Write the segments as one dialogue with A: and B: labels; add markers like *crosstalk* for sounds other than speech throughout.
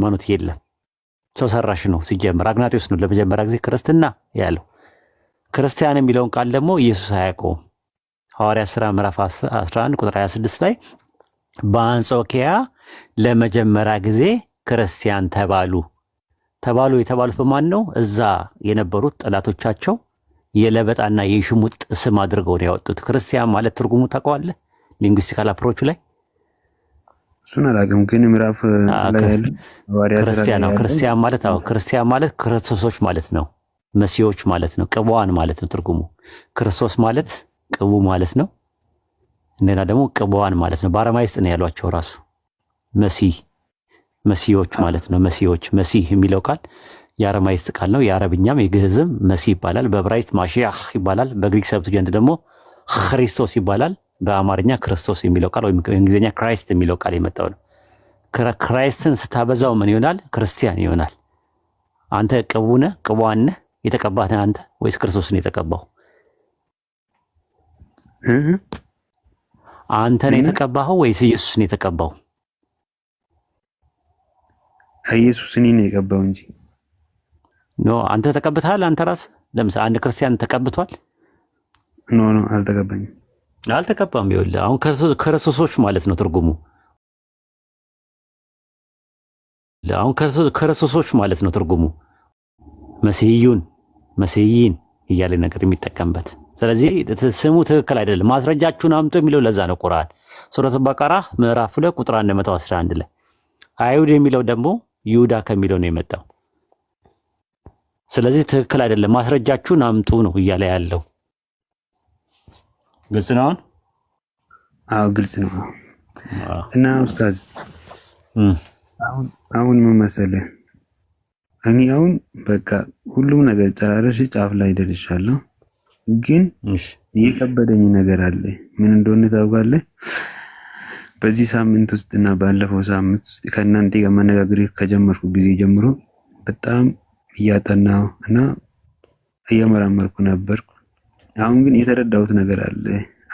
A: ሃይማኖት የለም፣ ሰው ሰራሽ ነው። ሲጀምር አግናጢዎስ ነው ለመጀመሪያ ጊዜ ክርስትና ያለው። ክርስቲያን የሚለውን ቃል ደግሞ ኢየሱስ አያውቀውም። ሐዋርያ ሥራ ምዕራፍ 11 ቁጥር 26 ላይ በአንጾኪያ ለመጀመሪያ ጊዜ ክርስቲያን ተባሉ ተባሉ የተባሉት በማን ነው? እዛ የነበሩት ጠላቶቻቸው የለበጣና የሽሙጥ ስም አድርገው ነው ያወጡት። ክርስቲያን ማለት ትርጉሙ ታውቀዋለህ? ሊንግዊስቲካል አፕሮቹ ላይ
B: እሱን አላውቅም ግን ምዕራፍ
A: ክርስቲያን ክርስቲያን ማለት አዎ፣ ክርስቲያን ማለት ክርስቶሶች ማለት ነው። መሲዎች ማለት ነው። ቅቡዋን ማለት ነው ትርጉሙ። ክርስቶስ ማለት ቅቡ ማለት ነው። እንደና ደግሞ ቅቡዋን ማለት ነው። በአረማይስጥ ነው ያሏቸው ራሱ መሲ መሲዎች ማለት ነው። መሲዎች መሲ የሚለው ቃል የአረማይስጥ ቃል ነው። የአረብኛም የግህዝም መሲ ይባላል። በዕብራይስጥ ማሺያህ ይባላል። በግሪክ ሰብት ሰብትጀንት ደግሞ ክርስቶስ ይባላል። በአማርኛ ክርስቶስ የሚለው ቃል ወይም በእንግሊዝኛ ክራይስት የሚለው ቃል የመጣው ነው። ክራይስትን ስታበዛው ምን ይሆናል? ክርስቲያን ይሆናል። አንተ ቅቡነ ቅቧነ የተቀባነ አንተ ወይስ ክርስቶስን የተቀባው? አንተን የተቀባኸው ወይስ ኢየሱስን የተቀባው?
B: ኢየሱስ እኔ ነው የቀባው እንጂ
A: ኖ አንተ ተቀብተሃል። አንተ ራስ ለምሳሌ አንድ ክርስቲያን ተቀብቷል?
B: ኖ ኖ አልተቀባኝም።
A: አልተቀባም። ይኸውልህ አሁን ከረሶሶች ማለት ነው ትርጉሙ። አሁን ከረሶሶች ማለት ነው ትርጉሙ። መሲዩን መሲይን እያለ ነገር የሚጠቀምበት ስለዚህ ስሙ ትክክል አይደለም። ማስረጃችሁን አምጡ የሚለው ለዛ ነው። ቁርአን ሱረት በቀራ ምዕራፍ ሁለት ቁጥር 111 ላይ አይሁድ የሚለው ደግሞ ይሁዳ ከሚለው ነው የመጣው። ስለዚህ ትክክል አይደለም። ማስረጃችሁን አምጡ ነው እያለ ያለው። ግልጽ ነው አሁን?
B: አዎ ግልጽ ነው። እና ኡስታዝ አሁን አሁን ምን መሰለህ፣ እኔ አሁን በቃ ሁሉም ነገር ጨራረሽ ጫፍ ላይ ደርሻለሁ፣ ግን የከበደኝ ነገር አለ። ምን እንደሆነ ታውቃለህ? በዚህ ሳምንት ውስጥ እና ባለፈው ሳምንት ውስጥ ከእናንተ ጋር መነጋገር ከጀመርኩ ጊዜ ጀምሮ በጣም እያጠናሁ እና እየመራመርኩ ነበርኩ አሁን ግን የተረዳሁት ነገር አለ።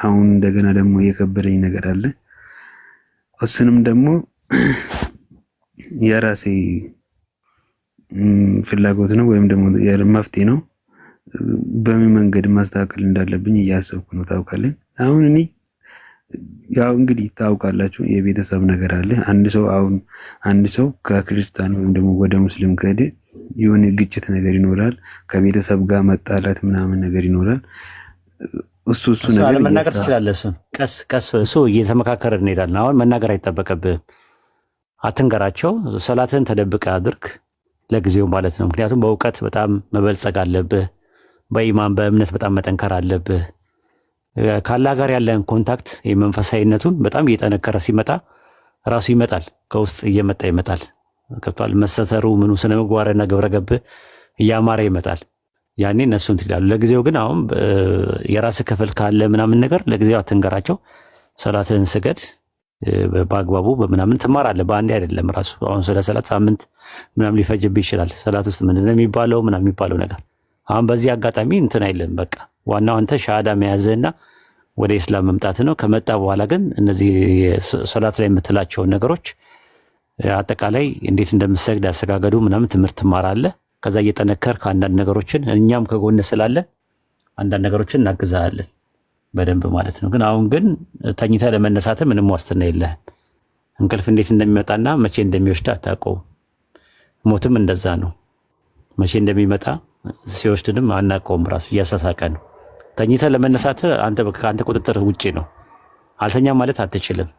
B: አሁን እንደገና ደግሞ የከበደኝ ነገር አለ። እሱንም ደግሞ የራሴ ፍላጎት ነው ወይም ደግሞ መፍትሄ ነው። በምን መንገድ ማስተካከል እንዳለብኝ እያሰብኩ ነው። ታውቃለህ፣ አሁን እኔ ያው እንግዲህ ታውቃላችሁ የቤተሰብ ነገር አለ። አንድ ሰው አሁን አንድ ሰው ከክርስቲያን ወይም ደግሞ ወደ ሙስሊም ከሄደ የሆነ ግጭት ነገር ይኖራል። ከቤተሰብ ጋር መጣላት ምናምን ነገር ይኖራል። እሱ እሱ
A: ነገር መናገር ትችላለህ። እሱን ቀስ ቀስ እሱ እየተመካከረ እንሄዳለን። አሁን መናገር አይጠበቅብህም። አትንገራቸው። ሰላትን ተደብቀ አድርግ ለጊዜው ማለት ነው። ምክንያቱም በእውቀት በጣም መበልጸግ አለብህ። በኢማን በእምነት በጣም መጠንከር አለብህ። ካላህ ጋር ያለን ኮንታክት የመንፈሳዊነቱን በጣም እየጠነከረ ሲመጣ ራሱ ይመጣል፣ ከውስጥ እየመጣ ይመጣል። ገብቷል። መሰተሩ ምኑ ስነ ምግባርና ግብረገብ እያማረ ይመጣል። ያኔ እነሱን ትክዳሉ። ለጊዜው ግን አሁን የራስ ክፍል ካለ ምናምን ነገር ለጊዜው አትንገራቸው። ሰላትህን ስገድ በአግባቡ በምናምን ትማራለህ። በአንዴ አይደለም። ራሱ አሁን ስለ ሰላት ሳምንት ምናምን ሊፈጅብህ ይችላል። ሰላት ውስጥ ምንድን ነው የሚባለው ምናምን የሚባለው ነገር አሁን በዚህ አጋጣሚ እንትን አይለም በቃ ዋናው አንተ ሻሃዳ መያዝህና ወደ ኢስላም መምጣት ነው። ከመጣ በኋላ ግን እነዚህ ሰላት ላይ የምትላቸውን ነገሮች አጠቃላይ እንዴት እንደምሰግድ ያሰጋገዱ ምናምን ትምህርት ትማራለህ። ከዛ እየጠነከር ከአንዳንድ ነገሮችን እኛም ከጎን ስላለን አንዳንድ ነገሮችን እናግዛለን በደንብ ማለት ነው። ግን አሁን ግን ተኝተ ለመነሳት ምንም ዋስትና የለህም። እንቅልፍ እንዴት እንደሚመጣና መቼ እንደሚወስድ አታውቀውም። ሞትም እንደዛ ነው። መቼ እንደሚመጣ ሲወስድንም አናውቀውም። ራሱ እያሳሳቀ ነው። ተኝተ ለመነሳት ከአንተ ቁጥጥር ውጭ ነው። አልተኛም ማለት አትችልም።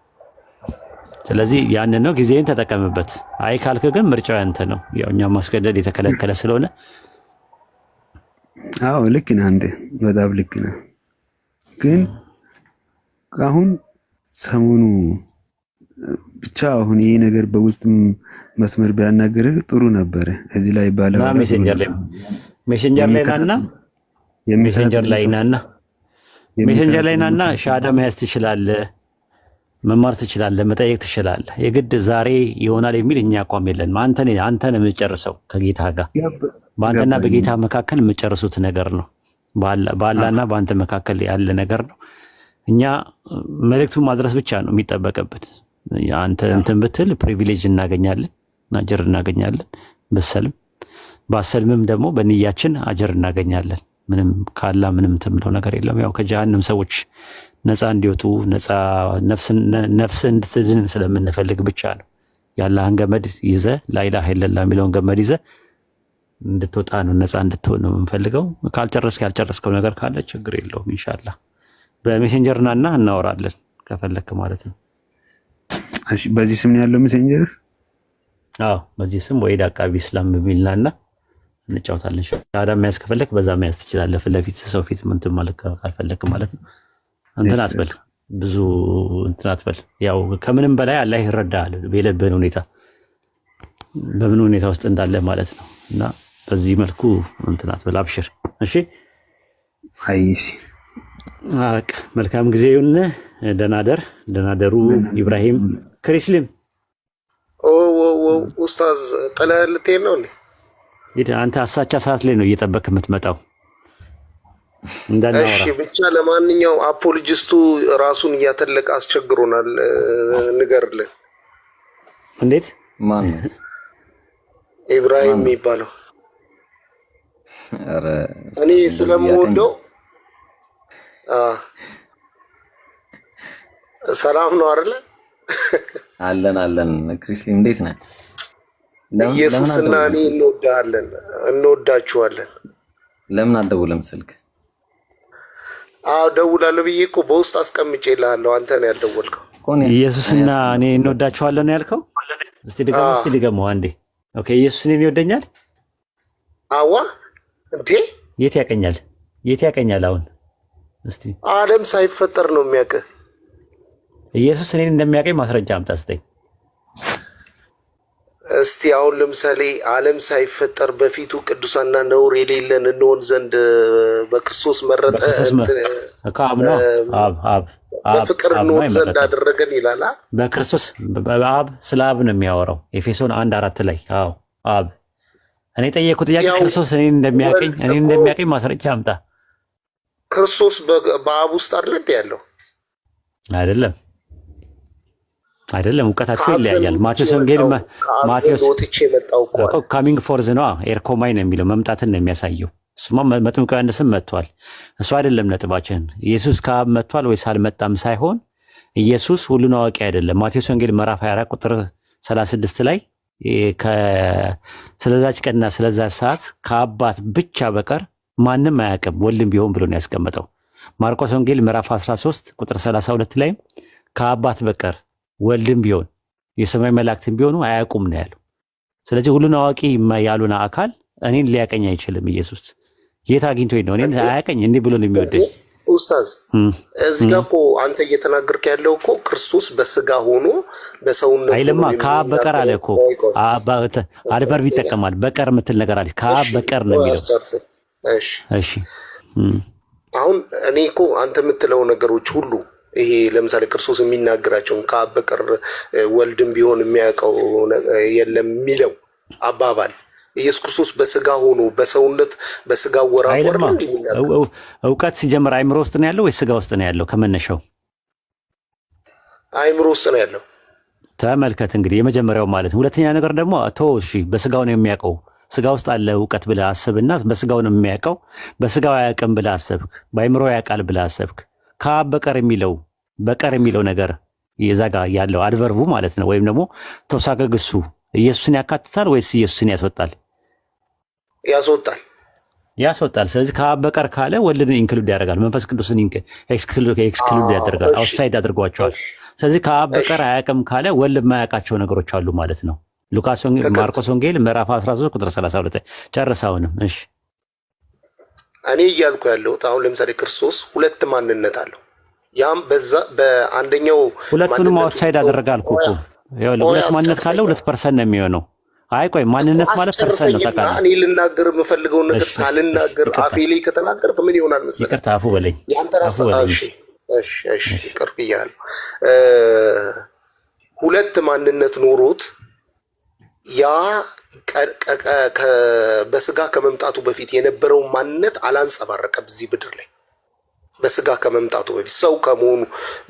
A: ስለዚህ ያንን ነው ጊዜን ተጠቀምበት። አይ ካልክ ግን ምርጫው ያንተ ነው። ያው እኛ ማስገደድ የተከለከለ ስለሆነ
B: አዎ ልክ ነህ። አንዴ በጣም ልክ ነህ። ግን አሁን ሰሞኑ ብቻ አሁን ይሄ ነገር በውስጥ መስመር ቢያናገርህ ጥሩ ነበረ። እዚህ ላይ ባለ
A: ሜሴንጀር ላይ ሜሴንጀር ላይ ናና ሜሴንጀር ላይ ናና ሜሴንጀር ላይ ናና ሻዳ መያዝ ትችላለህ መማር ትችላለህ፣ መጠየቅ ትችላለህ። የግድ ዛሬ ይሆናል የሚል እኛ አቋም የለንም። ነው የምጨርሰው ከጌታ ጋር በአንተና በጌታ መካከል የምጨርሱት ነገር ነው። በአላና በአንተ መካከል ያለ ነገር ነው። እኛ መልእክቱን ማድረስ ብቻ ነው የሚጠበቅበት አንተ እንትን ብትል ፕሪቪሌጅ እናገኛለን፣ አጀር እናገኛለን። በሰልም ባሰልምም ደግሞ በንያችን አጀር እናገኛለን። ምንም ካላ ምንም ትምለው ነገር የለም። ያው ከጀሃንም ሰዎች ነፃ እንዲወጡ ነፃ ነፍስን እንድትድን ስለምንፈልግ ብቻ ነው። የአላህን ገመድ ይዘ ላይላ ኢለላህ የሚለውን ገመድ ይዘ እንድትወጣ ነው፣ ነፃ እንድትሆን ነው የምንፈልገው። ካልጨረስክ ያልጨረስከው ነገር ካለ ችግር የለውም ኢንሻላህ በሜሴንጀር ናና እናወራለን ከፈለክ ማለት ነው።
B: በዚህ ስም ያለው ሜሴንጀር?
A: አዎ በዚህ ስም ወይድ አቃቢ እስላም የሚል ናና እንጫወታለን። ሻዳ መያዝ ከፈለክ በዛ መያዝ ትችላለህ። ፊት ለፊት ሰው ፊት ምንትን ማለት ካልፈለክ ማለት ነው። እንትን አትበል፣ ብዙ እንትን አትበል። ያው ከምንም በላይ አላህ ይረዳሃል የሌለብህን ሁኔታ በምን ሁኔታ ውስጥ እንዳለ ማለት ነው። እና በዚህ መልኩ እንትን አትበል፣ አብሽር። እሺ፣ አይሲ አቅ መልካም ጊዜ ይሁን። ደናደር ደናደሩ ኢብራሂም ክሪስሊም
C: ኡስታዝ ጥለህ ልትሄድ ነው
A: አንተ አሳቻ ሰዓት ላይ ነው እየጠበቅ የምትመጣው።
C: እሺ ብቻ ለማንኛውም አፖሎጂስቱ ራሱን እያተለቀ አስቸግሮናል። ንገርልን።
A: እንዴት
B: ማነው
C: ኢብራሂም የሚባለው? እኔ ስለምወደው ሰላም ነው አይደለ?
B: አለን አለን። ክሪስሊ እንዴት ነህ?
C: ኢየሱስና እኔ እንወዳለን፣ እንወዳችኋለን።
B: ለምን አልደውልም ስልክ
C: አዎ ደውላለሁ ብዬ እኮ በውስጥ አስቀምጬ እልሃለሁ። አንተ ነው ያልደወልከው።
A: ኢየሱስና እኔ እንወዳቸዋለን ነው ያልከው። እስቲ ድገመው፣ እስቲ ድገመው አንዴ። ኦኬ ኢየሱስ እኔን ይወደኛል። አዋ እንዴ! የት ያቀኛል? የት ያቀኛል? አሁን
C: እስቲ ዓለም ሳይፈጠር ነው የሚያውቅህ።
A: ኢየሱስ እኔን እንደሚያቀኝ ማስረጃ አምጣ ስጠኝ።
C: እስቲ አሁን ለምሳሌ ዓለም ሳይፈጠር በፊቱ ቅዱሳና ነውር የሌለን እንሆን ዘንድ በክርስቶስ መረጠ፣ በፍቅር እንሆን ዘንድ አደረገን ይላል።
A: በክርስቶስ በአብ ስለ አብ ነው የሚያወራው ኤፌሶን አንድ አራት ላይ አዎ አብ እኔ ጠየቅኩ ጥያቄ ክርስቶስ እኔን እንደሚያቀኝ እኔን እንደሚያቀኝ ማስረጃ አምጣ።
C: ክርስቶስ በአብ ውስጥ አይደለም ያለው
A: አይደለም አይደለም እውቀታቸው ይለያያል። ማቴዎስ ወንጌል ማቴዎስ ካሚንግ ፎርዝ ነው ኤርኮማይ ነው የሚለው መምጣትን ነው የሚያሳየው። እሱማ መጥምቀ ዮሐንስም መጥቷል። እሱ አይደለም ነጥባችን። ኢየሱስ ከአብ መጥቷል ወይስ አልመጣም ሳይሆን ኢየሱስ ሁሉን አዋቂ አይደለም። ማቴዎስ ወንጌል ምዕራፍ 24 ቁጥር 36 ላይ ስለዛች ቀንና ስለዛ ሰዓት ከአባት ብቻ በቀር ማንም አያውቅም ወልድም ቢሆን ብሎ ነው ያስቀመጠው። ማርቆስ ወንጌል ምዕራፍ 13 ቁጥር 32 ላይ ከአባት በቀር ወልድም ቢሆን የሰማይ መላእክትም ቢሆኑ አያውቁም ነው ያለው። ስለዚህ ሁሉን አዋቂ ያሉን አካል እኔን ሊያቀኝ አይችልም። ኢየሱስ የት አግኝቶ ነው እኔ አያቀኝ እንዲህ ብሎ ነው የሚወደኝ?
C: ኡስታዝ እዚህ ጋር እኮ አንተ እየተናገርክ ያለው እኮ ክርስቶስ በስጋ ሆኖ
A: በሰውነት አይልማ። ከአብ በቀር አለ እኮ አድቨርብ ይጠቀማል። በቀር የምትል ነገር አለ። ከአብ በቀር ነው የሚለው። እሺ
C: አሁን እኔ እኮ አንተ የምትለው ነገሮች ሁሉ ይሄ ለምሳሌ ክርስቶስ የሚናገራቸውን ከአብ በቀር ወልድም ቢሆን የሚያውቀው የለም የሚለው አባባል ኢየሱስ ክርስቶስ በስጋ ሆኖ በሰውነት በስጋ
A: ወራወር እውቀት ሲጀምር አይምሮ ውስጥ ነው ያለው ወይ ስጋ ውስጥ ነው ያለው? ከመነሻው
C: አይምሮ ውስጥ ነው ያለው።
A: ተመልከት እንግዲህ የመጀመሪያው ማለት ነው። ሁለተኛ ነገር ደግሞ ቶ እሺ፣ በስጋው ነው የሚያውቀው ስጋ ውስጥ አለ እውቀት ብለህ አስብና፣ በስጋው ነው የሚያውቀው። በስጋው አያውቅም ብለህ አሰብክ፣ በአይምሮ ያውቃል ብለህ አሰብክ። ከአብ በቀር የሚለው በቀር የሚለው ነገር የዛ ያለው አድቨርቡ ማለት ነው። ወይም ደግሞ ተውሳከ ግሱ ኢየሱስን ያካትታል ወይስ ኢየሱስን ያስወጣል? ያስወጣል ያስወጣል። ስለዚህ ከአብ በቀር ካለ ወልድን ኢንክሉድ ያደርጋል፣ መንፈስ ቅዱስን ኤክስክሉድ ያደርጋል፣ አውትሳይድ አድርጓቸዋል። ስለዚህ ከአብ በቀር አያውቅም ካለ ወልድ የማያውቃቸው ነገሮች አሉ ማለት ነው። ሉቃስ ማርቆስ ወንጌል ምዕራፍ 13 ቁጥር 32 ጨርሳውንም እሺ
C: እኔ እያልኩ ያለሁት አሁን ለምሳሌ ክርስቶስ ሁለት ማንነት አለው። ያም በዛ በአንደኛው
A: ሁለቱንም አውትሳይድ አደረጋልኩ እኮ ሁለት ማንነት ካለ ሁለት ፐርሰንት ነው የሚሆነው። አይ ቆይ ማንነት ማለት ፐርሰን ነው።
C: ጠቃሚ እኔ ልናገር የምፈልገውን ነገር ሳልናገር አፌ ላይ ከተናገር ምን ይሆናል
A: መሰለህ? ይቅርታ አፉ በለኝ።
C: ያንተን እሺ፣ እሺ፣ ይቅር ብያለሁ። ሁለት ማንነት ኖሮት ያ በስጋ ከመምጣቱ በፊት የነበረውን ማንነት አላንጸባረቀም። እዚህ ምድር ላይ በስጋ ከመምጣቱ በፊት ሰው ከመሆኑ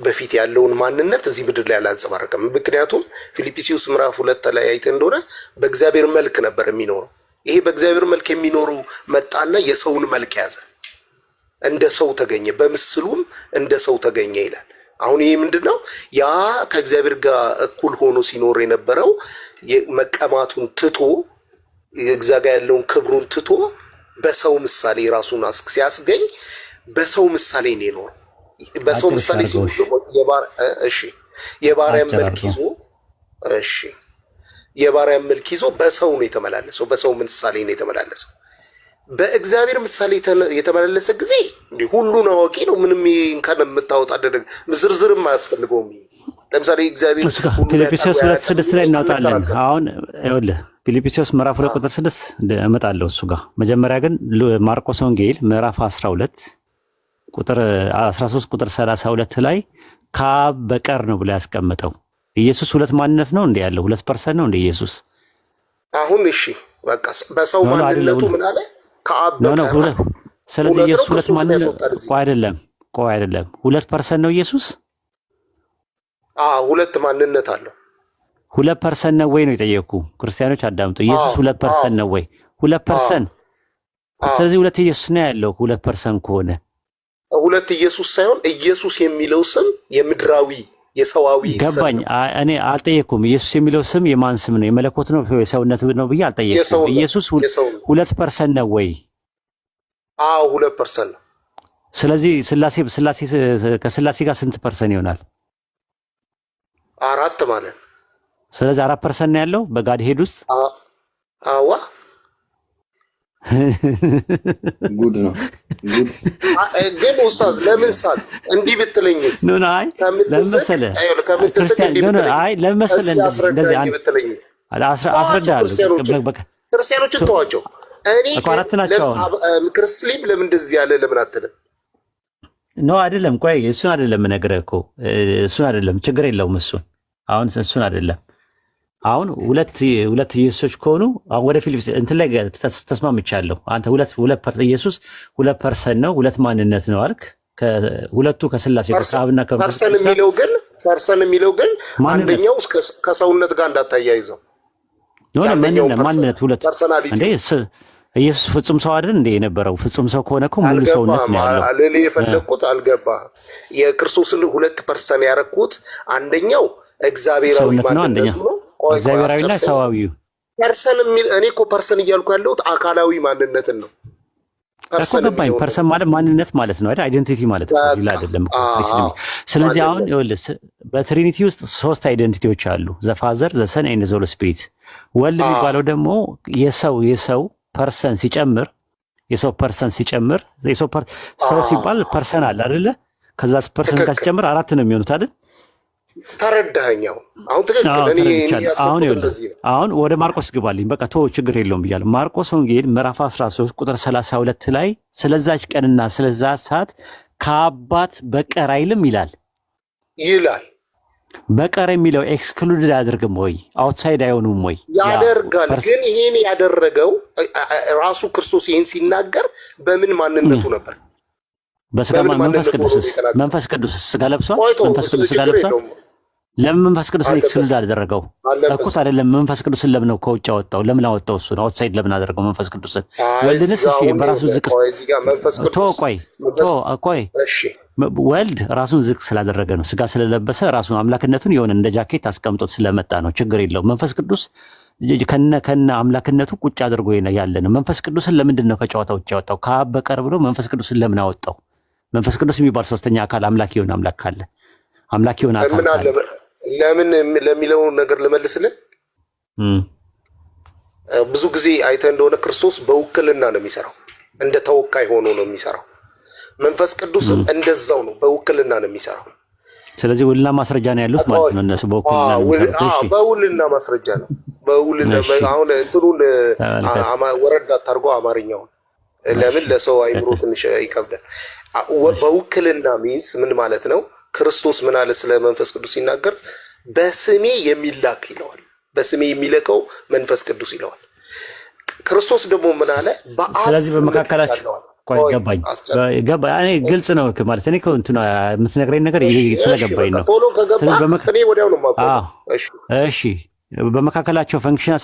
C: በፊት ያለውን ማንነት እዚህ ምድር ላይ አላንጸባረቀም። ምክንያቱም ፊልጵስዩስ ምዕራፍ ሁለት ላይ አይተህ እንደሆነ በእግዚአብሔር መልክ ነበር የሚኖረው። ይሄ በእግዚአብሔር መልክ የሚኖረው መጣና የሰውን መልክ ያዘ፣ እንደ ሰው ተገኘ፣ በምስሉም እንደ ሰው ተገኘ ይላል። አሁን ይሄ ምንድን ነው? ያ ከእግዚአብሔር ጋር እኩል ሆኖ ሲኖር የነበረው መቀማቱን ትቶ እግዚአ ጋር ያለውን ክብሩን ትቶ በሰው ምሳሌ ራሱን ሲያስገኝ በሰው ምሳሌ ነው የኖረው። በሰው ምሳሌ ሲኖር እሺ፣ የባሪያን መልክ ይዞ እሺ፣ የባሪያን መልክ ይዞ በሰው ነው የተመላለሰው። በሰው ምሳሌ ነው የተመላለሰው። በእግዚአብሔር ምሳሌ የተመላለሰ ጊዜ እንዲህ ሁሉን አዋቂ ነው። ምንም እንከን የምታወጣ ደደግ ዝርዝርም አያስፈልገውም።
A: ለምሳሌ እግዚአብሔር ፊልጵስዩስ ሁለት ስድስት ላይ እናውጣለን። አሁን ይኸውልህ ፊልጵስዩስ ምዕራፍ ሁለት ቁጥር ስድስት እመጣለሁ እሱ ጋር። መጀመሪያ ግን ማርቆስ ወንጌል ምዕራፍ 12 ቁጥር 13 ቁጥር 32 ላይ ከአብ በቀር ነው ብሎ ያስቀመጠው ኢየሱስ ሁለት ማንነት ነው እንደ ያለው ሁለት ፐርሰን ነው እንደ ኢየሱስ
C: አሁን እሺ በቃ በሰው ማንነቱ ምን አለ
A: ከአብ ስለዚህ ኢየሱስ ሁለት አይደለም። ቆይ አይደለም፣ ሁለት ፐርሰን ነው ኢየሱስ።
C: ሁለት ማንነት አለው።
A: ሁለት ፐርሰን ነው ወይ ነው የጠየቅኩ። ክርስቲያኖች አዳምጡ። ኢየሱስ ሁለት ፐርሰን ነው ወይ? ሁለት ፐርሰን። ስለዚህ ሁለት ኢየሱስ ነው ያለው። ሁለት ፐርሰን ከሆነ
C: ሁለት ኢየሱስ ሳይሆን ኢየሱስ የሚለው ስም የምድራዊ የሰዋዊ
A: ገባኝ። እኔ አልጠየኩም። ኢየሱስ የሚለው ስም የማን ስም ነው? የመለኮት ነው የሰውነት ነው ብዬ አልጠየቅም። ኢየሱስ ሁለት ፐርሰንት ነው ወይ?
C: አዎ ሁለት ፐርሰንት ነው።
A: ስለዚህ ስላሴ ስላሴ ከስላሴ ጋር ስንት ፐርሰንት ይሆናል?
C: አራት ማለት ነው።
A: ስለዚህ አራት ፐርሰንት ነው ያለው በጋድሄድ ውስጥ አዋ *laughs*
B: ጉድ ነው
C: ግን ኡስታዝ ለምን ሳቅ? እንዲህ ብትለኝስ?
A: አይ አይ እንደዚህ ለምን መሰለህ
C: ክርስቲያኖች ተዋቸው። እኔ ክርስሊም ለምን እንደዚህ ያለ ለምን አትለ
A: ኖ አይደለም፣ ቆይ እሱን አይደለም ነገር እኮ እሱን አይደለም። ችግር የለውም እሱን አሁን እሱን አይደለም አሁን ሁለት ሁለት ኢየሱሶች ከሆኑ አሁን ወደ ፊልፕስ እንትን ላይ ተስማምቻለሁ። አንተ ሁለት ሁለት ኢየሱስ ሁለት ፐርሰን ነው ሁለት ማንነት ነው አልክ። ሁለቱ ከስላሴ
C: ከአብና ፐርሰን የሚለው ግን ፐርሰን የሚለው ግን አንደኛው ከሰውነት ጋር እንዳታያይዘው
A: ማንነት ሁለት እንዴ ኢየሱስ ፍጹም ሰው አይደል እንደ የነበረው ፍጹም ሰው ከሆነ
C: እኮ ሙሉ ሰውነት ነው ያለው። ልልህ የፈለግኩት አልገባህም። የክርስቶስን ሁለት ፐርሰን ያረኩት አንደኛው እግዚአብሔራዊ
A: ማንነት ነው እግዚአብሔራዊና ሰዋዊ
C: ፐርሰን የሚል እኔ እኮ ፐርሰን እያልኩ ያለሁት አካላዊ ማንነትን ነው
A: እኮ ገባኝ። ፐርሰን ማለት ማንነት ማለት ነው አይደል? አይደንቲቲ ማለት ሌላ አይደለም። ስለዚህ አሁን ይኸውልህ በትሪኒቲ ውስጥ ሶስት አይደንቲቲዎች አሉ፣ ዘፋዘር ዘሰን አይነ ዘሎ ስፒሪት። ወልድ የሚባለው ደግሞ የሰው የሰው ፐርሰን ሲጨምር የሰው ፐርሰን ሲጨምር ሰው ሲባል ፐርሰን አለ አይደለ? ከዛ ፐርሰን ጋር ሲጨምር አራት ነው የሚሆኑት አይደል?
C: ተረዳኸኛው?
A: አሁን ትክክል። አሁን ወደ ማርቆስ ግባልኝ። በቃ ቶ ችግር የለውም ብያለሁ። ማርቆስ ወንጌል ምዕራፍ 13 ቁጥር 32 ላይ ስለዛች ቀንና ስለዛ ሰዓት ከአባት በቀር አይልም ይላል ይላል በቀር የሚለው ኤክስክሉድድ አያደርግም ወይ? አውትሳይድ አይሆኑም ወይ?
C: ያደርጋል። ግን ይህን ያደረገው ራሱ ክርስቶስ ይህን ሲናገር በምን ማንነቱ ነበር?
A: በስጋ መንፈስ ቅዱስስ መንፈስ ቅዱስስ ስጋ ለብሷል። መንፈስ ቅዱስ ስጋ ለብሷል። ለምን መንፈስ ቅዱስን ኤክስክሉድ አደረገው እኩት አይደለም መንፈስ ቅዱስን ለምን ነው ከውጭ አወጣው? ለምን አወጣው? እሱ ነው አውትሳይድ ለምን አደረገው? መንፈስ ቅዱስን ወልድንስ፣ እሺ በራሱ ዝቅ ቶ ቆይ ቶ ቆይ ወልድ ራሱን ዝቅ ስላደረገ ነው፣ ስጋ ስለለበሰ ራሱን አምላክነቱን የሆነ እንደ ጃኬት አስቀምጦት ስለመጣ ነው። ችግር የለው። መንፈስ ቅዱስ ከነ ከነ አምላክነቱ ቁጭ አድርጎ ያለ ነው። መንፈስ ቅዱስን ለምንድን ነው ከጨዋታ ውጭ ያወጣው? ከአብ በቀር ብሎ መንፈስ ቅዱስን ለምን አወጣው? መንፈስ ቅዱስ የሚባል ሶስተኛ አካል አምላክ የሆነ አምላክ ካለ አምላክ የሆነ
C: አካል ለምን ለሚለው ነገር ልመልስልን? ብዙ ጊዜ አይተ እንደሆነ ክርስቶስ በውክልና ነው የሚሰራው፣ እንደ ተወካይ ሆኖ ነው የሚሰራው። መንፈስ ቅዱስም እንደዛው ነው፣ በውክልና ነው የሚሰራው።
A: ስለዚህ ውልና ማስረጃ ነው ያሉት ማለት ነው እነሱ
C: በውልና ማስረጃ ነው። በውልና አሁን እንትኑን ወረድ አታርጎ አማርኛውን ለምን ለሰው አይምሮ ትንሽ ይከብዳል። በውክልና ሚንስ ምን ማለት ነው? ክርስቶስ ምን አለ ስለ መንፈስ ቅዱስ ሲናገር በስሜ የሚላክ ይለዋል። በስሜ የሚለቀው መንፈስ ቅዱስ ይለዋል። ክርስቶስ ደግሞ ምን አለ?
A: ስለዚህ በመካከላቸው ገባኝ ግልጽ ነው ማለት እኔ እንትን የምትነግረኝ ነገር ስለገባኝ ነው። እሺ በመካከላቸው ፈንክሽን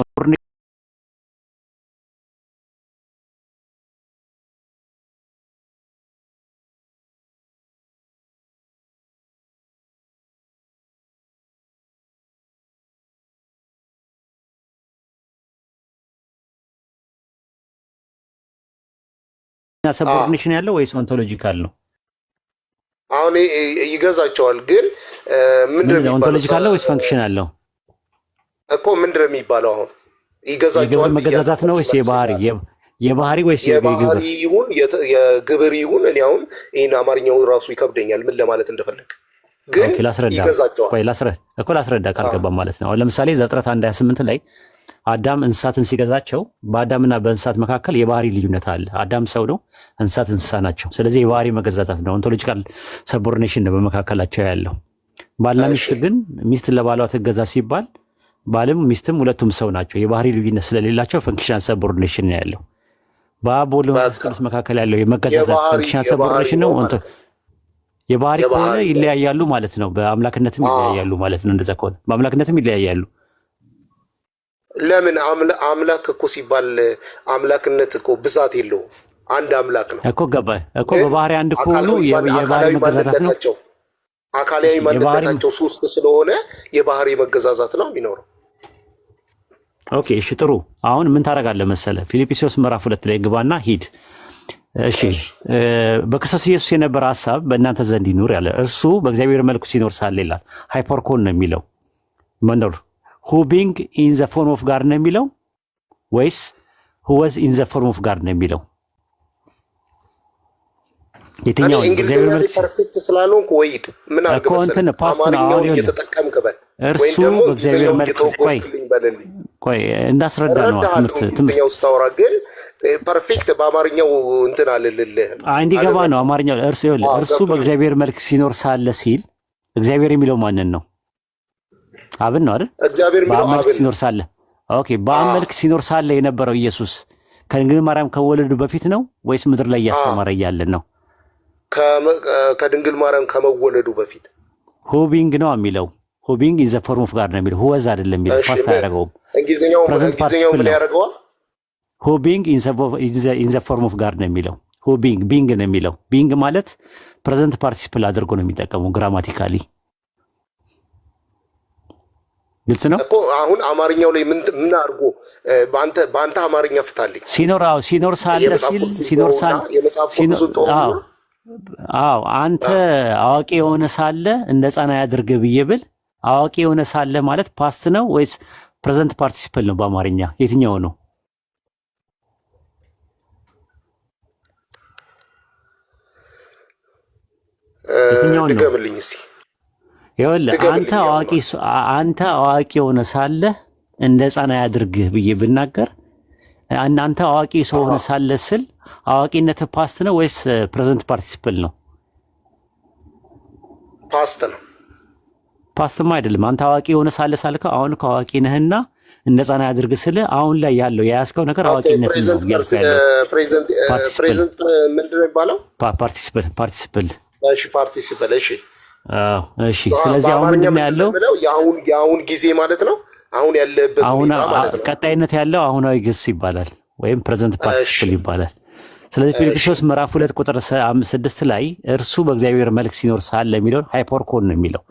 A: እና ሰቦርዲኔሽን ያለው ወይስ ኦንቶሎጂካል ነው?
C: አሁን ይገዛቸዋል። ግን
A: ምንድን ኦንቶሎጂካል ነው ወይስ ፈንክሽን አለው
C: እኮ ምንድን ነው የሚባለው? አሁን
A: ይገዛቸዋል። መገዛዛት ነው ወይስ የባህሪ የባህሪ ወይስ
C: የባህሪ ይሁን የግብር ይሁን እኔ አሁን ይህን አማርኛው ራሱ ይከብደኛል ምን ለማለት እንደፈለግ
A: ግን ላስረዳ እኮ ላስረዳ ካልገባም ማለት ነው። አሁን ለምሳሌ ዘፍጥረት አንድ ሀያ ስምንት ላይ አዳም እንስሳትን ሲገዛቸው በአዳምና በእንስሳት መካከል የባህሪ ልዩነት አለ። አዳም ሰው ነው፣ እንስሳት እንስሳ ናቸው። ስለዚህ የባህሪ መገዛታት ነው፣ ኦንቶሎጂካል ሰቦርኔሽን ነው በመካከላቸው ያለው። ባልና ሚስት ግን ሚስት ለባሏ ትገዛ ሲባል ባልም ሚስትም ሁለቱም ሰው ናቸው። የባህሪ ልዩነት ስለሌላቸው ፈንክሽናል ሰቦርኔሽን ነው ያለው። በአብ በወልድ በመንፈስ ቅዱስ መካከል ያለው የመገዛዛት ፈንክሽናል ሰቦርኔሽን ነው። የባህሪ ከሆነ ይለያያሉ ማለት ነው። በአምላክነትም ይለያያሉ ማለት ነው። እንደዛ ከሆነ በአምላክነትም ይለያያሉ
C: ለምን አምላክ እኮ ሲባል አምላክነት እኮ ብዛት የለውም። አንድ አምላክ ነው
A: እኮ ገባ እኮ በባህሪ አንድ እኮ ከሆኑ
C: የባህሪ መገዛዛት አካላዊ ማንነታቸው ሶስት ስለሆነ የባህሪ መገዛዛት ነው የሚኖረው።
A: ኦኬ እሺ፣ ጥሩ አሁን ምን ታደርጋለህ መሰለ ፊልጵስዩስ ምዕራፍ ሁለት ላይ ግባና ሂድ። እሺ በክርስቶስ ኢየሱስ የነበረ ሀሳብ በእናንተ ዘንድ ይኑር ያለ እርሱ በእግዚአብሔር መልኩ ሲኖር ሳለ ይላል። ሃይፐርኮን ነው የሚለው መኖር ሁ ቢንግ ኢን ዘ ፎርም ኦፍ ጋድ ነው የሚለው ወይስ ሁ ወዝ ኢን ዘ ፎርም ኦፍ ጋድ ነው የሚለው? የትኛው
C: ፐርፌክት ስላልሆንኩ ወይድ
A: ምን እየተጠቀምክ በል እርሱ በእግዚአብሔር መልክ ቆይ ቆይ እንዳስረዳ
C: ነው። ትምህርት ትምህርት ስታወራ ግን ፐርፌክት በአማርኛው እንትን አልልልህም
A: እንዲገባ ነው። አማርኛው እርሱ በእግዚአብሔር መልክ ሲኖር ሳለ ሲል እግዚአብሔር የሚለው ማንን ነው? አብን ነው አይደል? እግዚአብሔር በአብ መልክ ሲኖር ሳለ ኦኬ፣ በአብ ሲኖር ሳለ የነበረው ኢየሱስ ከድንግል ማርያም ከወለዱ በፊት ነው ወይስ ምድር ላይ እያስተማረ እያለን ነው?
C: ከድንግል ማርያም ከመወለዱ በፊት
A: ሁቢንግ ነው የሚለው ሁቢንግ ዘ ፎርም ኦፍ ጋድ ነው የሚለው ሁወዝ አይደለም የሚለው ፓስት አያደርገውም።
C: ፕሬዘንት ፓርቲሲፕል ነው።
A: ሁቢንግ ዘ ፎርም ኦፍ ጋድ ነው የሚለው ሁቢንግ ቢንግ ነው የሚለው ቢንግ ማለት ፕሬዘንት ፓርቲሲፕል አድርጎ ነው የሚጠቀመው ግራማቲካሊ ግልጽ ነው
C: እኮ አሁን አማርኛው ላይ ምን ምን አድርጎ በአንተ አማርኛ ፍታልኝ
A: ሲኖር አዎ ሲኖር ሳለ ሲል ሲኖር ሳለ አዎ አንተ አዋቂ የሆነ ሳለ እንደ ህፃና ያድርግ ብዬ ብል አዋቂ የሆነ ሳለ ማለት ፓስት ነው ወይስ ፕሬዘንት ፓርቲሲፕል ነው? በአማርኛ የትኛው ነው?
C: የትኛው ነው? ድገምልኝ እስኪ
A: ይኸውልህ አንተ አዋቂ አንተ አዋቂ የሆነ ሳለህ እንደ ሕፃን አያድርግህ ብዬ ብናገር አንተ አዋቂ ሰው ሆነ ሳለ ስል አዋቂነት ፓስት ነው ወይስ ፕሬዘንት ፓርቲሲፕል ነው? ፓስት ነው። ፓስትማ አይደለም። አንተ አዋቂ የሆነ ሳለ ሳልከው አሁን ከአዋቂ ነህና እንደ ሕፃን አያድርግህ ስል አሁን ላይ ያለው የያዝከው ነገር አዋቂነት
C: ነው እያልኩ ያለው
A: ፓርቲሲፕል ፓርቲሲፕል ፓርቲሲፕል እሺ። ስለዚህ አሁን ምንድን ነው ያለው?
C: የአሁን ጊዜ ማለት ነው። አሁን
A: ያለበት ቀጣይነት ያለው አሁናዊ ግስ ይባላል፣ ወይም ፕሬዘንት ፓርቲሲፕል ይባላል። ስለዚህ ፊልጵስዩስ ምዕራፍ ሁለት ቁጥር ስድስት ላይ እርሱ በእግዚአብሔር መልክ ሲኖር ሳለ የሚለውን ሃይፖርኮን ነው የሚለው።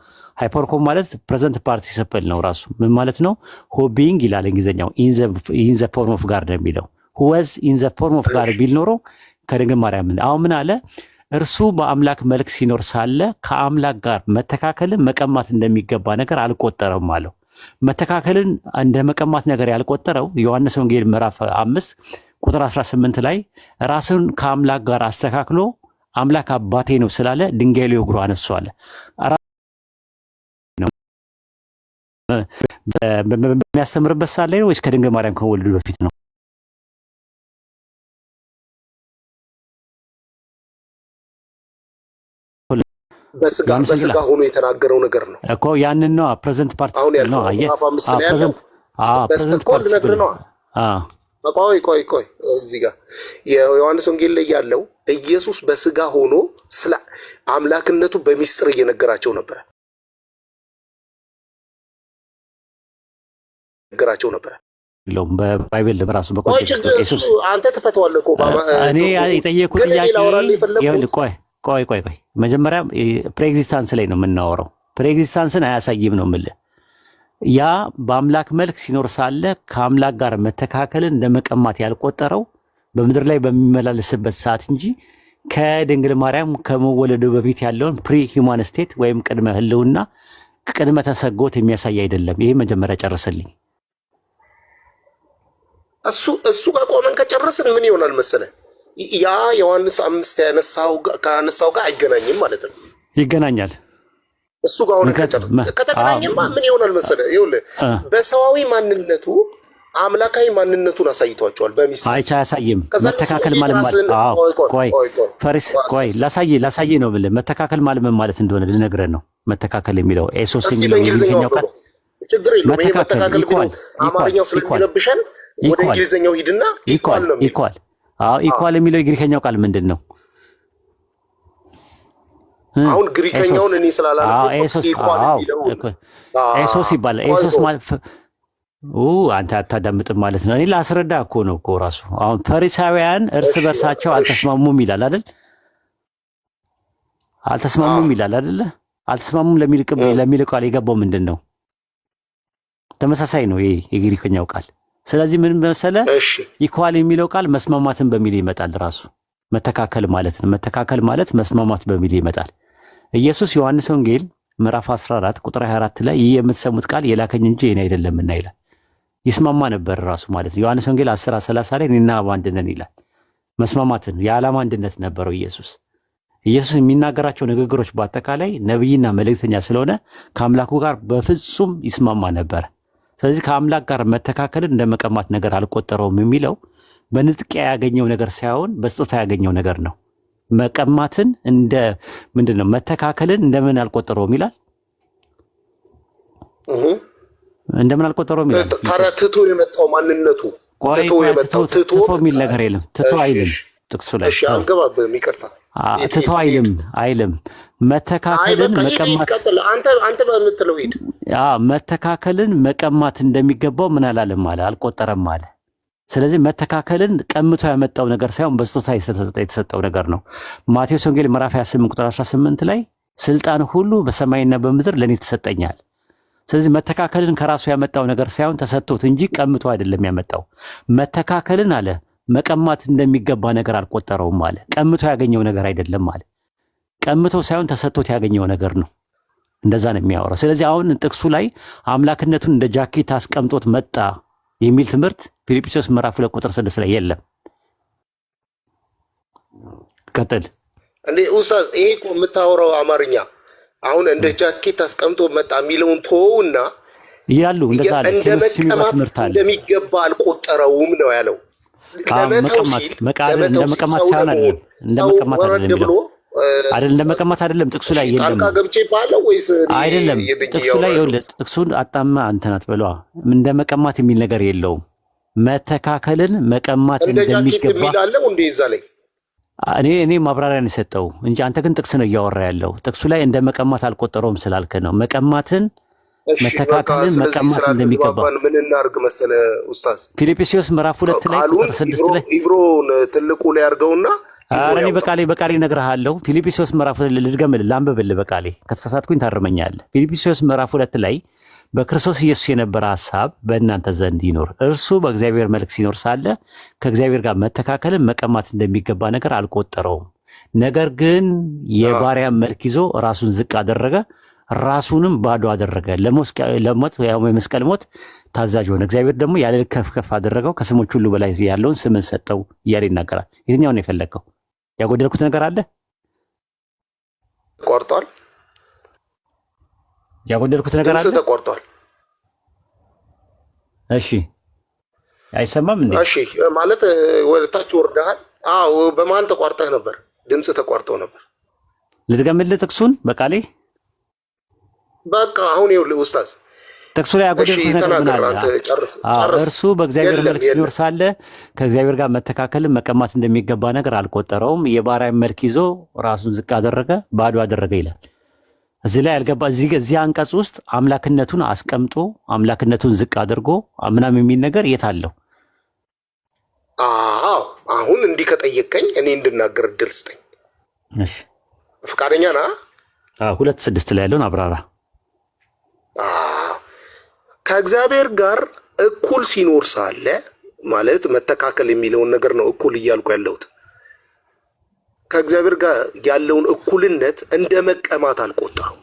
A: ሃይፖርኮን ማለት ፕሬዘንት ፓርቲሲፕል ነው። ራሱ ምን ማለት ነው? ሆቢንግ ይላል እንግሊዝኛው ኢንዘ ፎርም ኦፍ ጋር ነው የሚለው። ሁወዝ ኢንዘ ፎርም ኦፍ ጋር ቢል ኖሮ ከድንግል ማርያም አሁን ምን አለ እርሱ በአምላክ መልክ ሲኖር ሳለ ከአምላክ ጋር መተካከልን መቀማት እንደሚገባ ነገር አልቆጠረም አለው። መተካከልን እንደ መቀማት ነገር ያልቆጠረው ዮሐንስ ወንጌል ምዕራፍ አምስት ቁጥር 18 ላይ ራስን ከአምላክ ጋር አስተካክሎ አምላክ አባቴ ነው ስላለ ድንጋይ ሊወግሩ አነሱ አለ። በሚያስተምርበት ሳለ ወይስ ከድንግል ማርያም ከወልዱ በፊት ነው?
C: በስጋ ሆኖ የተናገረው ነገር
A: ነው እኮ ያንን ነው ፕሬዘንት ፓርቲ አሁን ያለው ምዕራፍ አምስት ላይ ያለው በስተኮ
C: ልነግርህ ነዋ። ቆይ ቆይ ቆይ እዚህ ጋር የዮሐንስ ወንጌል ላይ ያለው ኢየሱስ በስጋ ሆኖ ስለ አምላክነቱ በሚስጥር እየነገራቸው ነበረ ነገራቸው ነበረ
A: የለውም በባይብል በራሱ
C: በቆይ አንተ ትፈተዋለህ እኮ
A: እኔ የጠየኩት ጥያቄ ቆይ ቆይ ቆይ ቆይ መጀመሪያ ፕሬኤግዚስታንስ ላይ ነው የምናወረው። ፕሬኤግዚስታንስን አያሳይም ነው ምል ያ በአምላክ መልክ ሲኖር ሳለ ከአምላክ ጋር መተካከልን እንደ መቀማት ያልቆጠረው በምድር ላይ በሚመላለስበት ሰዓት እንጂ ከድንግል ማርያም ከመወለዱ በፊት ያለውን ፕሪ ሂውማን ስቴት ወይም ቅድመ ህልውና ቅድመ ተሰጎት የሚያሳይ አይደለም። ይህ መጀመሪያ ጨርስልኝ።
C: እሱ እሱ ጋር ቆመን ከጨረስን ምን ይሆናል መሰለህ ያ ዮሐንስ አምስት ያነሳው ካነሳው ጋር አይገናኝም ማለት ነው። ይገናኛል እሱ ጋር ሆነ ከተገናኘማ ምን ይሆናል መሰለ ይኸውልህ በሰዋዊ ማንነቱ አምላካዊ ማንነቱን አሳይቷቸዋል።
A: በሚስ አይቻ አያሳይም። መተካከል ማለት ማለት አዎ፣ ቆይ ፈሪስ ቆይ ላሳይ ላሳይ ነው ብለ መተካከል ማለት ምን ማለት እንደሆነ ልነግረህ ነው። መተካከል የሚለው ኤሶስ
C: የሚለው የሚገኘው ቃል
A: ችግር የለውም። መተካከል ይቆል
C: አማርኛው ስለሚለብሸን ወደ እንግሊዘኛው
A: ሂድና ይቆል ነው ይቆል አዎ ኢኳል የሚለው የግሪከኛው ቃል ምንድን ነው?
C: አሁን ግሪከኛውን
A: እኔ ስላላነበብኩት ኤሶስ ኤሶስ ይባላል። ኤሶስ ማለት አንተ አታዳምጥም ማለት ነው። እኔ ላስረዳ እኮ ነው እኮ ራሱ። አሁን ፈሪሳውያን እርስ በርሳቸው አልተስማሙም ይላል አይደል? አልተስማሙም ይላል አይደለ? አልተስማሙም ለሚልቅ ለሚልቅ ቃል የገባው ምንድን ነው? ተመሳሳይ ነው። ይሄ የግሪከኛው ቃል ስለዚህ ምን መሰለ ኢኳል የሚለው ቃል መስማማትን በሚል ይመጣል። ራሱ መተካከል ማለት ነው። መተካከል ማለት መስማማት በሚል ይመጣል። ኢየሱስ ዮሐንስ ወንጌል ምዕራፍ 14 ቁጥር 24 ላይ ይህ የምትሰሙት ቃል የላከኝ እንጂ የኔ አይደለምና ይላል። ይስማማ ነበር ራሱ ማለት ነው። ዮሐንስ ወንጌል 10 30 ላይ እኔና አብ አንድ ነን ይላል። መስማማትን የዓላማ አንድነት ነበረው ኢየሱስ ኢየሱስ የሚናገራቸው ንግግሮች በአጠቃላይ ነቢይና መልእክተኛ ስለሆነ ከአምላኩ ጋር በፍጹም ይስማማ ነበር። ስለዚህ ከአምላክ ጋር መተካከልን እንደ መቀማት ነገር አልቆጠረውም የሚለው በንጥቂያ ያገኘው ነገር ሳይሆን በስጦታ ያገኘው ነገር ነው። መቀማትን እንደ ምንድን ነው መተካከልን እንደምን አልቆጠረውም ይላል። እንደምን አልቆጠረውም
C: ይላል። ታዲያ ትቶ የመጣው ማንነቱ
A: የመጣው ትቶ የሚል ነገር የለም። ትቶ አይልም ጥቅሱ ላይ
C: አንገባብህም። ይቅርታ
A: ትተው አይልም አይልም። መተካከልን
C: መቀማት አንተ በምትለው ሂድ።
A: መተካከልን መቀማት እንደሚገባው ምን አላለም አለ፣ አልቆጠረም አለ። ስለዚህ መተካከልን ቀምቶ ያመጣው ነገር ሳይሆን በስጦታ የተሰጠው ነገር ነው። ማቴዎስ ወንጌል ምዕራፍ 28 ቁጥር 18 ላይ ስልጣን ሁሉ በሰማይና በምድር ለእኔ ተሰጠኛል። ስለዚህ መተካከልን ከራሱ ያመጣው ነገር ሳይሆን ተሰጥቶት እንጂ ቀምቶ አይደለም ያመጣው መተካከልን አለ መቀማት እንደሚገባ ነገር አልቆጠረውም አለ። ቀምቶ ያገኘው ነገር አይደለም አለ። ቀምቶ ሳይሆን ተሰጥቶት ያገኘው ነገር ነው። እንደዛ ነው የሚያወራው። ስለዚህ አሁን ጥቅሱ ላይ አምላክነቱን እንደ ጃኬት አስቀምጦት መጣ የሚል ትምህርት ፊልጵስዩስ ምዕራፍ ሁለት ቁጥር ስድስት ላይ የለም። ቀጥል
C: እንዴ ኡስታዝ፣ ይሄ እኮ የምታወራው አማርኛ አሁን እንደ ጃኬት አስቀምጦ መጣ የሚለውን ቶውና
A: ያሉ እንደ መቀማት
C: እንደሚገባ አልቆጠረውም ነው ያለው።
A: እንደ መቀማት ሳይሆን አይደለም፣ እንደ መቀማት አይደለም ብሎ አይደል እንደ መቀማት አይደለም። ጥቅሱ ላይ የለም አይደለም፣ ጥቅሱ ላይ ይኸውልህ፣ ጥቅሱን አጣማ አንተናት በለዋ። እንደ መቀማት የሚል ነገር የለውም። መተካከልን መቀማት
C: እንደሚገባ
A: እኔ እኔ ማብራሪያን የሰጠው እንጂ አንተ ግን ጥቅስ ነው እያወራ ያለው። ጥቅሱ ላይ እንደ መቀማት አልቆጠረውም ስላልክ ነው መቀማትን መተካከልን መቀማት
C: እንደሚገባ ምን እናርግ መሰለ ኡስታዝ
A: ፊልጵስዩስ ምዕራፍ ሁለት ላይ
C: ቁጥር ስድስት ላይ ኢብሮን ትልቁ ላይ አርገውና
A: አረኔ በቃሌ በቃሌ እነግርሃለሁ። ፊልጵስዩስ ምዕራፍ ልድገምልህ፣ ላንብብልህ በቃሌ ከተሳሳትኩኝ ታርመኛለህ። ፊልጵስዩስ ምዕራፍ ሁለት ላይ በክርስቶስ ኢየሱስ የነበረ ሐሳብ በእናንተ ዘንድ ይኖር፣ እርሱ በእግዚአብሔር መልክ ሲኖር ሳለ ከእግዚአብሔር ጋር መተካከልን መቀማት እንደሚገባ ነገር አልቆጠረውም። ነገር ግን የባሪያ መልክ ይዞ ራሱን ዝቅ አደረገ ራሱንም ባዶ አደረገ። ለሞት የመስቀል ሞት ታዛዥ ሆነ። እግዚአብሔር ደግሞ ያለ ልክ ከፍ ከፍ አደረገው፣ ከስሞች ሁሉ በላይ ያለውን ስምን ሰጠው እያለ ይናገራል። የትኛውን የፈለግከው? ያጎደልኩት ነገር አለ? ተቋርጧል። ያጎደልኩት ነገር አለ? ተቋርጧል። እሺ፣ አይሰማም
C: እንዴ? እሺ፣ ማለት ወደ ታች ወርደሃል። አዎ፣ በመሀል ተቋርጠህ ነበር። ድምፅ ተቋርጠው ነበር።
A: ልድገምልህ ጥቅሱን በቃሌ
C: በቃ አሁን ይኸውልህ ኡስታዝ
A: ጥቅሱ ላይ አጎደል እርሱ በእግዚአብሔር መልክ ሲኖር ሳለ ከእግዚአብሔር ጋር መተካከልን መቀማት እንደሚገባ ነገር አልቆጠረውም። የባሪያን መልክ ይዞ ራሱን ዝቅ አደረገ፣ ባዶ አደረገ ይላል። እዚህ ላይ ያልገባ እዚህ አንቀጽ ውስጥ አምላክነቱን አስቀምጦ አምላክነቱን ዝቅ አድርጎ ምናምን የሚል ነገር የት አለው?
C: አዎ አሁን እንዲህ ከጠየቀኝ እኔ እንድናገር እድል ስጠኝ። ፈቃደኛ ና።
A: ሁለት ስድስት ላይ ያለውን አብራራ
C: ከእግዚአብሔር ጋር እኩል ሲኖር ሳለ ማለት መተካከል የሚለውን ነገር ነው እኩል እያልኩ ያለሁት። ከእግዚአብሔር ጋር ያለውን እኩልነት እንደ መቀማት አልቆጠረው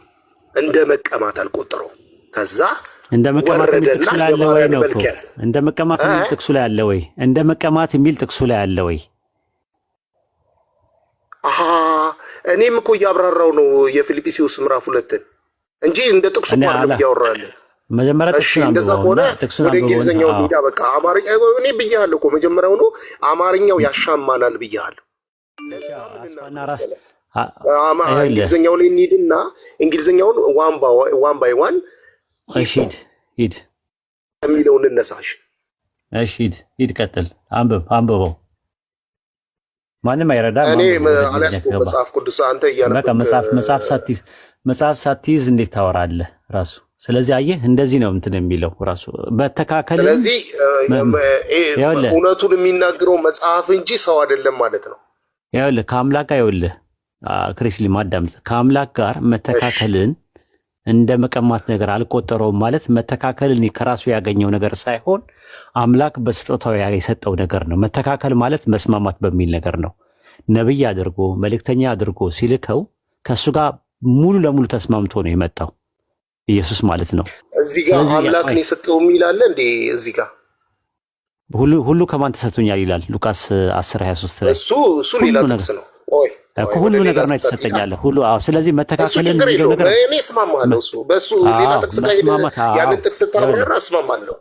C: እንደ መቀማት አልቆጠረው።
A: ከዛ እንደ መቀማት የሚል ጥቅሱ ላይ አለ ወይ ነው እንደ መቀማት የሚል ጥቅሱ ላይ አለ ወይ እንደ መቀማት የሚል ጥቅሱ ላይ አለ ወይ?
C: አሃ እኔም እኮ እያብራራው ነው የፊልጵስዩስ ምዕራፍ ሁለትን እንጂ እንደ ጥቅሱ
A: ለም እያወራ መጀመሪያ
C: እንደዛ ከሆነ ወደ እንግሊዝኛው ሚዲያ በቃ አማርኛ እኔ ብያለሁ እኮ መጀመሪያው ነው አማርኛው ያሻማናል ብያለሁ። እንግሊዝኛው ላይ እንሂድና እንግሊዝኛውን ዋን ባይ ዋን
A: ሂድ ሂድ እንነሳሽ። እሺ ሂድ ሂድ፣ ቀጥል፣ አንብብ አንብበው። ማንም አይረዳ።
C: እኔ አልያዝኩም መጽሐፍ ቅዱስ አንተ
A: እያለ መጽሐፍ መጽሐፍ ሳትይዝ መጽሐፍ ሳትይዝ እንዴት ታወራለህ ራሱ ስለዚህ አየህ እንደዚህ ነው እንትን የሚለው ራሱ በተካከል
C: ስለዚህ እውነቱን የሚናገረው መጽሐፍ እንጂ ሰው አይደለም ማለት ነው
A: ይኸውልህ ከአምላክ ጋር ይኸውልህ ክሪስሊ ማዳምጥ ከአምላክ ጋር መተካከልን እንደ መቀማት ነገር አልቆጠረውም ማለት መተካከልን ከራሱ ያገኘው ነገር ሳይሆን አምላክ በስጦታው የሰጠው ነገር ነው መተካከል ማለት መስማማት በሚል ነገር ነው ነቢይ አድርጎ መልእክተኛ አድርጎ ሲልከው ከእሱ ጋር ሙሉ ለሙሉ ተስማምቶ ነው የመጣው ኢየሱስ ማለት ነው።
C: እዚህ ጋር አምላክ ነው የሰጠው የሚል እንዴ? እዚህ ጋር
A: ሁሉ ከማን ተሰጥቶኛል ይላል ሉቃስ 10 23
C: ላይ እሱ እሱ ሌላ ጥቅስ ነው
A: ሁሉ ነገር ነው የተሰጠኛለ ሁሉ አዎ። ስለዚህ መተካከልን
C: የሚለው ነገር እኔ እስማማለሁ። እሱ ሌላ ጥቅስ ጋር ያንን ጥቅስ እስማማለሁ።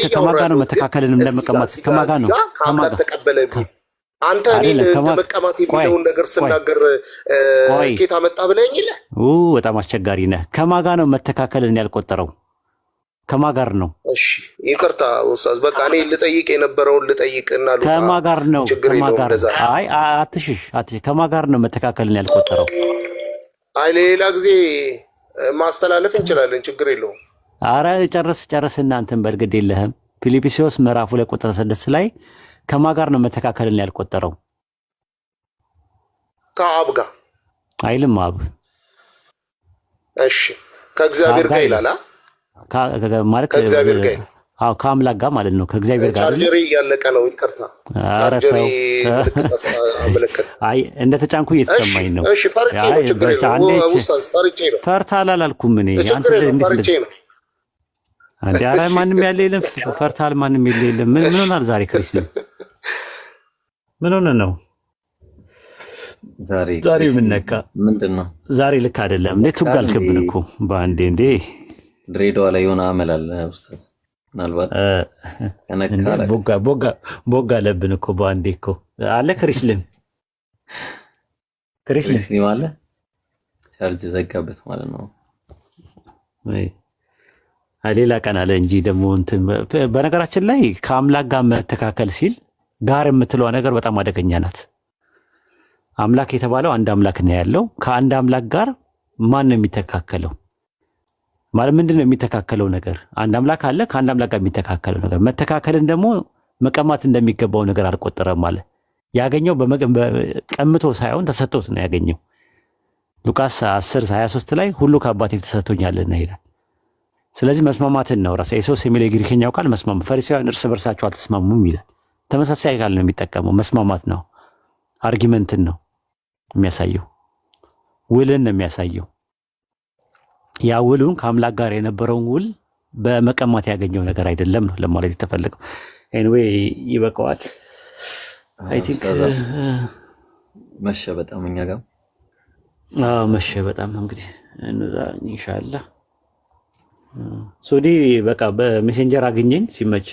A: እሺ ከማን ጋር ነው መተካከልን እንደመቀማት ከማን ጋር
C: ነው ከማን አንተ ለመቀማት የሚለውን ነገር ስናገር ኬታ መጣ ብለኝ ይለ
A: በጣም አስቸጋሪ ነ ከማጋ ነው መተካከልን ያልቆጠረው ከማጋር ነው።
C: እሺ ይቅርታ ኡስታዝ፣ በቃ እኔ ልጠይቅ የነበረውን ልጠይቅ እና ሉታ
A: ከማጋር ነው። ከማጋር አይ አትሽሽ፣ አትሽሽ። ከማጋር ነው መተካከልን ያልቆጠረው።
C: አይ ሌላ ጊዜ ማስተላለፍ እንችላለን፣ ችግር የለውም።
A: አረ ጨርስ ጨርስ፣ እናንተን በእርግድ የለህም። ፊልጵስዩስ ምዕራፍ ሁለት ቁጥር ስድስት ላይ ከማ ጋር ነው መተካከልን ያልቆጠረው? ከአብ ጋር አይልም። አብ
C: እሺ፣ ከእግዚአብሔር ጋር ይላል
A: ማለት ከእግዚአብሔር ጋር አዎ ከአምላክ ጋር ማለት ነው። ከእግዚአብሔር ጋር ቻርጀሪ
C: እያለቀ ነው። ይቅርታ
A: ቻርጀሪ ምልክት *laughs* አይ እንደ ተጫንኩ እየተሰማኝ
C: ነው። ፈርቼ ነው። ችግር የለውም። ፈርቼ ነው።
A: ፈርታ አላልኩም
C: እኔ አንተ እንዴት
A: አንዴ ኧረ ማንም ያለ የለም፣ ፈርታል ማንም የለ የለም። ምን ምን ሆናል ዛሬ? ክሪስቲ ምን ሆነ ነው ዛሬ? ዛሬ ምን ነካ? ምንድን ነው ዛሬ? ልክ አይደለም። ኔ ቱጋ አልክብን እኮ በአንዴ እንዴ።
B: ድሬዳዋ ላይ የሆነ አመል አለ ኡስታዝ፣ ምናልባት
A: ቦጋ አለብን እኮ በአንዴ እኮ አለ። ክሪስልም
B: ክሪስልም አለ። ቻርጅ ዘጋበት ማለት ነው
A: ሌላ ቀን አለ እንጂ ደግሞ እንትን በነገራችን ላይ ከአምላክ ጋር መተካከል ሲል ጋር የምትለዋ ነገር በጣም አደገኛ ናት። አምላክ የተባለው አንድ አምላክ ነው ያለው። ከአንድ አምላክ ጋር ማን ነው የሚተካከለው? ማለት ምንድን ነው የሚተካከለው ነገር? አንድ አምላክ አለ፣ ከአንድ አምላክ ጋር የሚተካከለው ነገር። መተካከልን ደግሞ መቀማት እንደሚገባው ነገር አልቆጠረም። ማለት ያገኘው ቀምቶ ሳይሆን ተሰጥቶት ነው ያገኘው። ሉቃስ 10 23 ላይ ሁሉ ከአባቴ ተሰጥቶኛልና ይላል። ስለዚህ መስማማትን ነው ራሱ ኤሶስ የሚል የግሪክኛው ቃል መስማም ፈሪሳውያን እርስ በርሳቸው አልተስማሙም ይላል። ተመሳሳይ ቃል ነው የሚጠቀመው። መስማማት ነው፣ አርጊመንትን ነው የሚያሳየው፣ ውልን ነው የሚያሳየው። ያ ውሉን ከአምላክ ጋር የነበረውን ውል በመቀማት ያገኘው ነገር አይደለም ነው ለማለት የተፈለገው። ኤንዌይ ይበቃዋል።
B: መሸ በጣም እኛ ጋር
A: መሸ በጣም እንግዲህ እንዛ እንሻላ ሱዲ በቃ በሜሴንጀር አግኘኝ ሲመች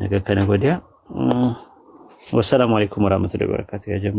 A: ነገ ከነገ ወዲያ። ወሰላሙ አለይኩም ወራህመቱላሂ ወበረካቱ።